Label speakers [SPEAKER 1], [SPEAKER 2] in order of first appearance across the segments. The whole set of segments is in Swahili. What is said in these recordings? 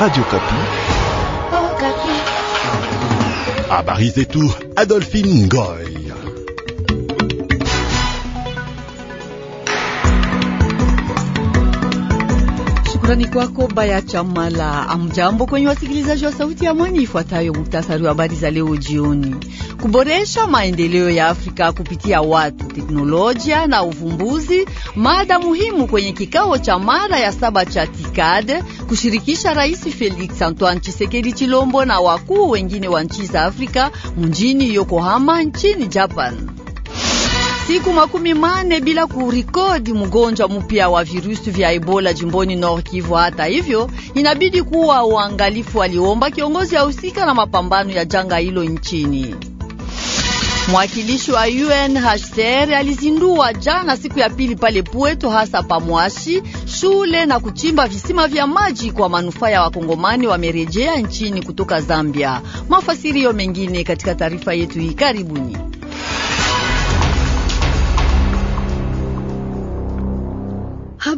[SPEAKER 1] Radio oh,
[SPEAKER 2] paris
[SPEAKER 1] Habari tout, Adolphine Ngoy.
[SPEAKER 2] Shukrani kwako Baya Chamala. Amjambo kwenye wasikilizaji wa Sauti ya Amani. Ifuatayo muktasari wa habari za leo jioni. Kuboresha maendeleo ya Afrika kupitia watu, teknolojia na uvumbuzi, mada muhimu kwenye kikao cha mara ya saba cha tikade kushirikisha Rais Felix Antoine chisekedi Chilombo na wakuu wengine wa nchi za Afrika mjini Yokohama nchini Japan siku makumi mane bila kurikodi mgonjwa mpya wa virusi vya Ebola jimboni Nord Kivu. Hata hivyo, inabidi kuwa uangalifu, aliomba kiongozi ya husika na mapambano ya janga hilo nchini. Mwakilishi wa UNHCR alizindua jana siku ya pili pale Pweto, hasa pamwashi shule na kuchimba visima vya maji kwa manufaa ya wakongomani wamerejea nchini kutoka Zambia. Mafasirio mengine katika taarifa yetu hii, karibuni.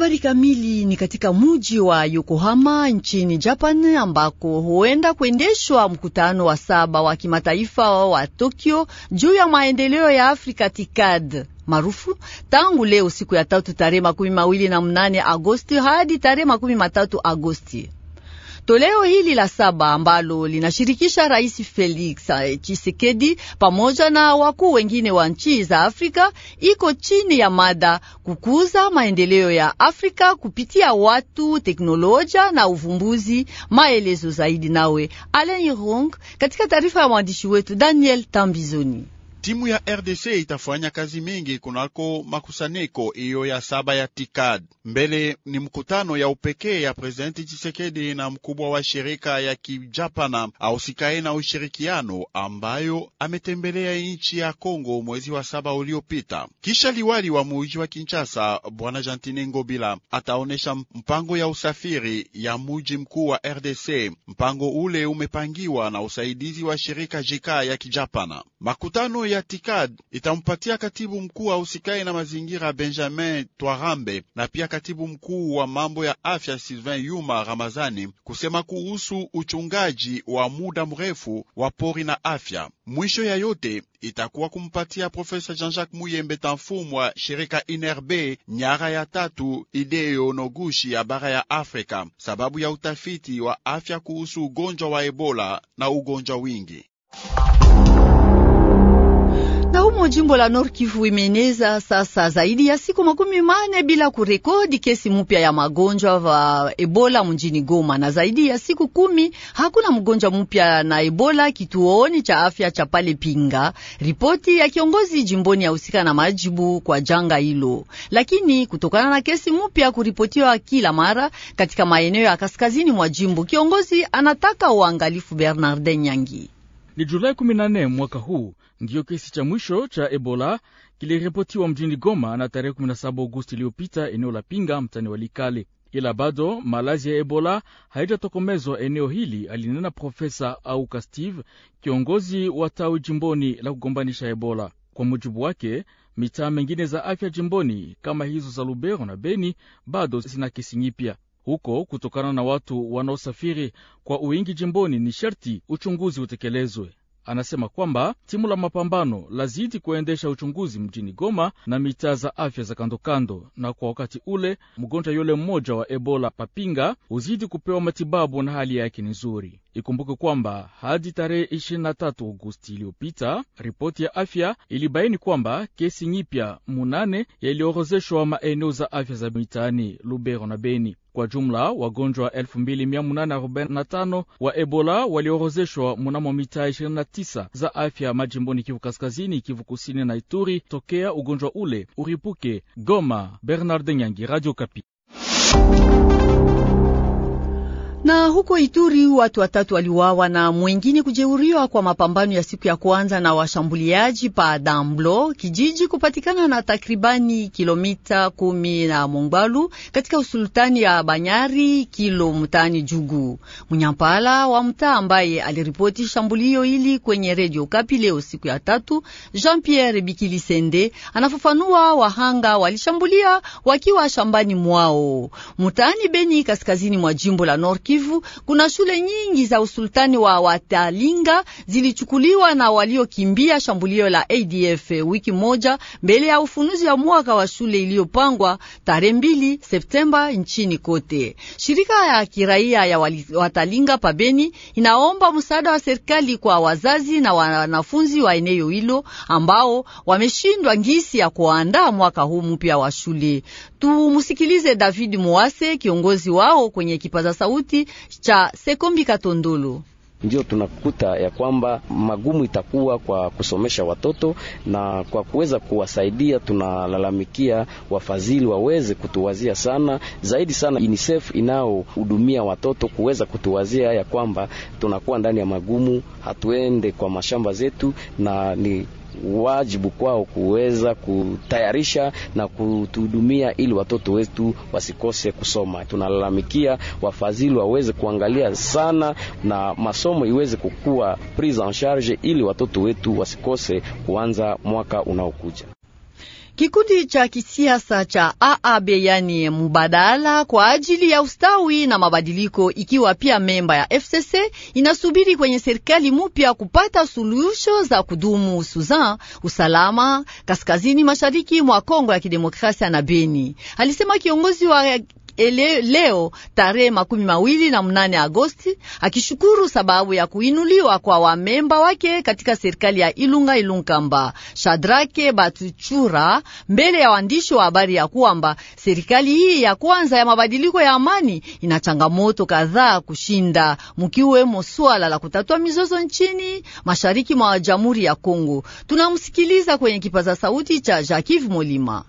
[SPEAKER 2] Habari kamili ni katika muji wa Yokohama nchini Japan, ambako huenda kuendeshwa mkutano wa saba wa kimataifa wa, Tokyo juu ya maendeleo ya Afrika TICAD maarufu tangu leo siku ya tatu tarehe makumi mawili na mnane Agosti hadi tarehe makumi matatu Agosti. Toleo hili la saba ambalo linashirikisha Rais Felix Tshisekedi pamoja na wakuu wengine wa nchi za Afrika iko chini ya mada kukuza maendeleo ya Afrika kupitia watu, teknolojia na uvumbuzi. Maelezo zaidi nawe Alain rong katika taarifa ya mwandishi wetu Daniel Tambizoni.
[SPEAKER 1] Timu ya RDC itafanya kazi mingi kunako makusaniko iyo ya saba ya tikad Mbele ni mkutano ya upekee ya Presidenti Chisekedi na mkubwa wa shirika ya kijapana ausikae na ushirikiano ambayo ametembelea nchi ya Kongo mwezi wa saba uliopita. Kisha liwali wa muji wa Kinshasa bwana Jantine Ngobila ataonesha mpango ya usafiri ya muji mkuu wa RDC. Mpango ule umepangiwa na usaidizi wa shirika jika ya kijapana. Makutano ya TIKAD itampatia katibu mkuu usikai na mazingira Benjamin Twarambe na pia katibu mkuu wa mambo ya afya Sylvain Yuma Ramazani kusema kuhusu uchungaji wa muda mrefu wa pori na afya. Mwisho ya yote itakuwa kumpatia Profesa Jean-Jacques Muyembe wa shirika INRB nyara ya tatu ideyo nogushi ya bara ya Afrika sababu ya utafiti wa afya kuhusu ugonjwa wa Ebola na ugonjwa wingi.
[SPEAKER 2] Humo jimbo la Nord Kivu imeneza sasa zaidi ya siku makumi mane bila kurekodi kesi mpya ya magonjwa va Ebola mjini Goma, na zaidi ya siku kumi hakuna mgonjwa mpya na Ebola kituoni cha afya cha pale Pinga. Ripoti ya kiongozi jimboni ya husika na majibu kwa janga hilo. Lakini kutokana na kesi mpya kuripotiwa kila mara katika maeneo ya kaskazini mwa jimbo, kiongozi anataka uangalifu. Bernardin Nyangi
[SPEAKER 3] ni Julai 14 mwaka huu ndiyo kesi cha mwisho cha Ebola kiliripotiwa mjini Goma, na tarehe 17 Agosti iliyopita eneo la Pinga mtani wa Likale, ila bado malazi ya Ebola haitatokomezwa eneo hili, alinena Profesa Auka Steve, kiongozi wa tawi jimboni la kugombanisha Ebola. Kwa mujibu wake, mitaa mengine za afya jimboni kama hizo za Lubero na Beni bado zina kesi nyipya huko kutokana na watu wanaosafiri kwa uwingi jimboni, ni sharti uchunguzi utekelezwe. Anasema kwamba timu la mapambano lazidi kuendesha uchunguzi mjini Goma na mitaa za afya za kandokando, na kwa wakati ule mgonjwa yule mmoja wa Ebola Papinga huzidi kupewa matibabu na hali yake ni nzuri. Ikumbuke kwamba hadi tarehe 23 Agosti iliyopita, ripoti ya afya ilibaini kwamba kesi nyipya munane yaliorozeshwa maeneo za afya za mitaani Lubero na Beni. Kwa jumla wagonjwa 2845 wa Ebola waliorozeshwa mnamo mitaa 29 za afya majimboni Kivu Kaskazini, Kivu Kusini na Ituri tokea ugonjwa ule uripuke. Goma, Bernard Nyangi, Radio Kapi
[SPEAKER 2] huko Ituri watu watatu waliuawa na mwingine kujeuriwa kwa mapambano ya siku ya kwanza na washambuliaji pa Damblo, kijiji kupatikana na takribani kilomita kumi na Mongbalu katika usultani ya Banyari kilo mtani Jugu. Munyampala wa mtaa ambaye aliripoti shambulio hili kwenye redio Kapi leo siku ya tatu, Jean Pierre Bikilisende anafafanua wahanga walishambulia wakiwa shambani mwao mtaani Beni kaskazini mwa jimbo la Nord Kivu kuna shule nyingi za usultani wa Watalinga zilichukuliwa na waliokimbia shambulio la ADF wiki moja mbele ya ufunuzi wa mwaka wa shule iliyopangwa tarehe mbili Septemba nchini kote. Shirika ya kiraia ya Watalinga pabeni inaomba msaada wa serikali kwa wazazi na wanafunzi wa eneo hilo ambao wameshindwa ngisi ya kuandaa mwaka huu mpya wa shule. Tumsikilize David Muase, kiongozi wao kwenye kipaza sauti cha Sekombi Katondolo.
[SPEAKER 3] Ndio tunakuta ya kwamba magumu itakuwa kwa kusomesha watoto na kwa kuweza kuwasaidia. Tunalalamikia wafadhili waweze kutuwazia sana zaidi sana, UNICEF inayohudumia watoto kuweza kutuwazia ya kwamba tunakuwa ndani ya magumu, hatuende kwa mashamba zetu, na ni wajibu kwao kuweza kutayarisha na kutuhudumia ili watoto wetu wasikose kusoma. Tunalalamikia wafadhili waweze kuangalia sana na masomo iweze kukua prise en charge, ili watoto wetu wasikose kuanza mwaka unaokuja.
[SPEAKER 2] Kikundi cha kisiasa cha AAB yani mubadala kwa ajili ya ustawi na mabadiliko, ikiwa pia memba ya FCC inasubiri kwenye serikali mupya kupata suluhisho za kudumu suzan usalama kaskazini mashariki mwa Kongo ya Kidemokrasia na Beni, alisema kiongozi wa ele, leo tarehe makumi mawili na mnane Agosti akishukuru sababu ya kuinuliwa kwa wamemba wake katika serikali ya Ilunga Ilunkamba, Shadrake Batuchura mbele ya waandishi wa habari ya kwamba serikali hii ya kwanza ya mabadiliko ya amani ina changamoto kadhaa kushinda, mkiwemo swala la kutatua mizozo nchini mashariki mwa Jamhuri ya Kongo. Tunamsikiliza kwenye kipaza sauti cha Jacques Molima.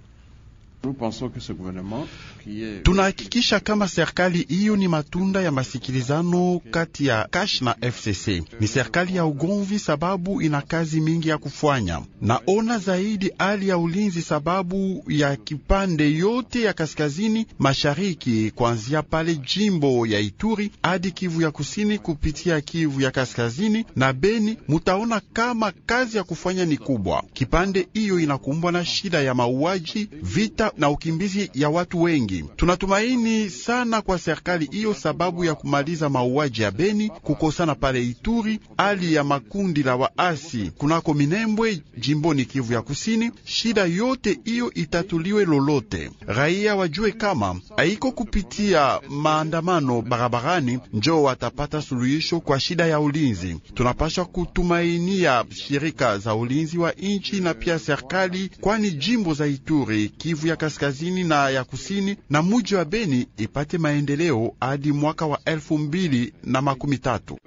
[SPEAKER 1] Tunahakikisha kama serikali hiyo ni matunda ya masikilizano kati ya Kash na FCC. Ni serikali ya ugomvi sababu ina kazi mingi ya kufanya. Naona zaidi hali ya ulinzi sababu ya kipande yote ya kaskazini mashariki, kuanzia pale jimbo ya Ituri hadi Kivu ya kusini kupitia Kivu ya kaskazini na Beni, mutaona kama kazi ya kufanya ni kubwa. Kipande hiyo inakumbwa na shida ya mauaji, vita na ukimbizi ya watu wengi nyingi. Tunatumaini sana kwa serikali hiyo sababu ya kumaliza mauaji ya Beni, kukosana pale Ituri, hali ya makundi la waasi kunako Minembwe jimboni Kivu ya Kusini. Shida yote hiyo itatuliwe lolote, raia wajue kama haiko kupitia maandamano barabarani njo watapata suluhisho kwa shida ya ulinzi. Tunapashwa kutumainia shirika za ulinzi wa nchi na pia serikali, kwani jimbo za Ituri, Kivu ya kaskazini na ya kusini na muji wa Beni ipate maendeleo hadi mwaka wa elfu mbili na makumi tatu.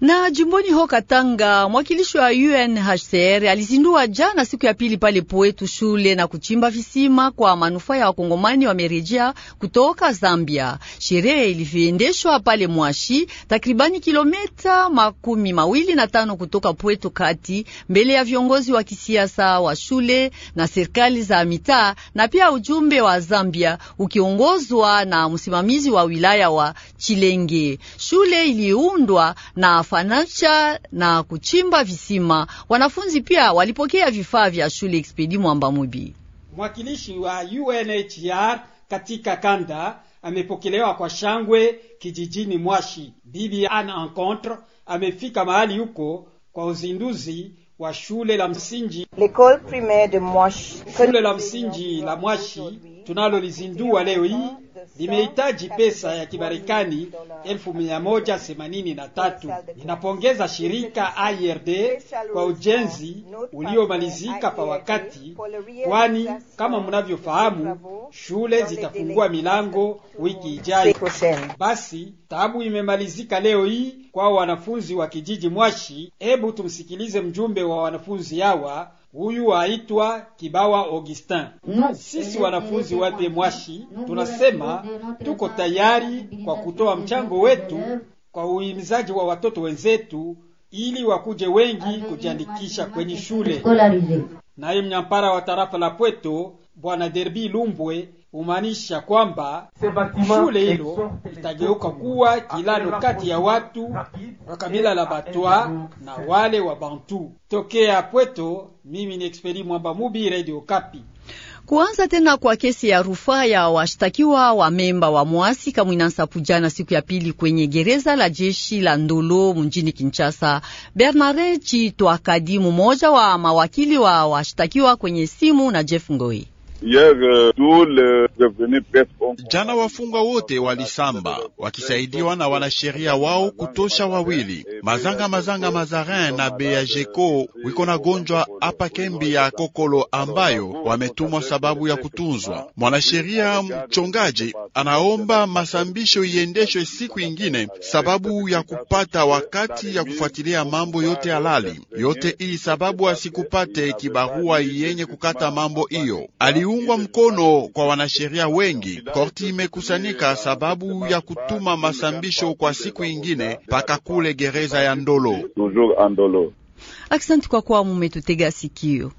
[SPEAKER 2] Na jimboni ho Katanga, mwakilishi wa UNHCR alizindua jana siku ya pili pale Poetu shule na kuchimba visima kwa manufaa ya wakongomani merejia kutoka Zambia. Sherehe ilivyoendeshwa pale Mwashi, takribani kilomita makumi mawili na tano kutoka Poetu kati, mbele ya viongozi wa kisiasa wa shule na serikali za mitaa na pia ujumbe wa Zambia ukiongozwa na msimamizi wa wilaya wa Chilenge. Shule iliundwa na wanafanasha na kuchimba visima. Wanafunzi pia walipokea vifaa vya shule. Expedi Mwamba Mubi,
[SPEAKER 4] mwakilishi wa UNHCR katika kanda, amepokelewa kwa shangwe kijijini Mwashi. Bibi Ana Encontre amefika mahali huko kwa uzinduzi wa shule la msingi shule la msingi la Mwashi tunalolizindua leo hii limehitaji pesa ya Kimarekani elfu mia moja themanini na tatu. Ninapongeza shirika IRD kwa ujenzi uliomalizika pa wakati, kwani kama mnavyofahamu shule zitafungua milango wiki ijayo. Basi tabu imemalizika leo hii kwa wanafunzi wa kijiji Mwashi. Hebu tumsikilize mjumbe wa wanafunzi hawa. Huyu aitwa Kibawa Augustin. Sisi wanafunzi wa Demwashi tunasema tuko tayari kwa kutoa mchango wetu kwa uhimizaji wa watoto wenzetu ili wakuje wengi kujiandikisha kwenye shule. Naye mnyampara wa tarafa la Pweto Bwana Derbi Lumbwe humaanisha kwamba shule hilo litageuka kuwa kilalo kati ya watu wa kabila la Batwa na wale wa Bantu. Tokea Pweto, mimi ni Experi Mwamba Mubi, Radio Kapi.
[SPEAKER 2] Kuanza tena kwa kesi ya rufaa ya washtakiwa wa memba wa mwasi Kamwina Nsapu jana siku ya pili kwenye gereza la jeshi la Ndolo mjini Kinshasa. Bernard Chitwakadi, mmoja wa mawakili wa washtakiwa, kwenye simu na Jeff Ngoi.
[SPEAKER 1] Euh, Jana wafungwa wote walisamba wakisaidiwa na wanasheria wao kutosha wawili. Mazanga Mazanga Mazarin na Bea Jeko wiko na gonjwa hapa kembi ya Kokolo ambayo wametumwa sababu ya kutunzwa. Mwanasheria mchongaji anaomba masambisho iendeshwe siku ingine sababu ya kupata wakati ya kufuatilia mambo yote halali. Yote hii sababu asikupate kibarua yenye kukata mambo hiyo. Ali imeungwa mkono kwa wanasheria wengi. Korti imekusanyika sababu ya kutuma masambisho kwa siku ingine mpaka kule gereza ya Ndolo.
[SPEAKER 2] Asante kwa kuwa mumetutega sikio.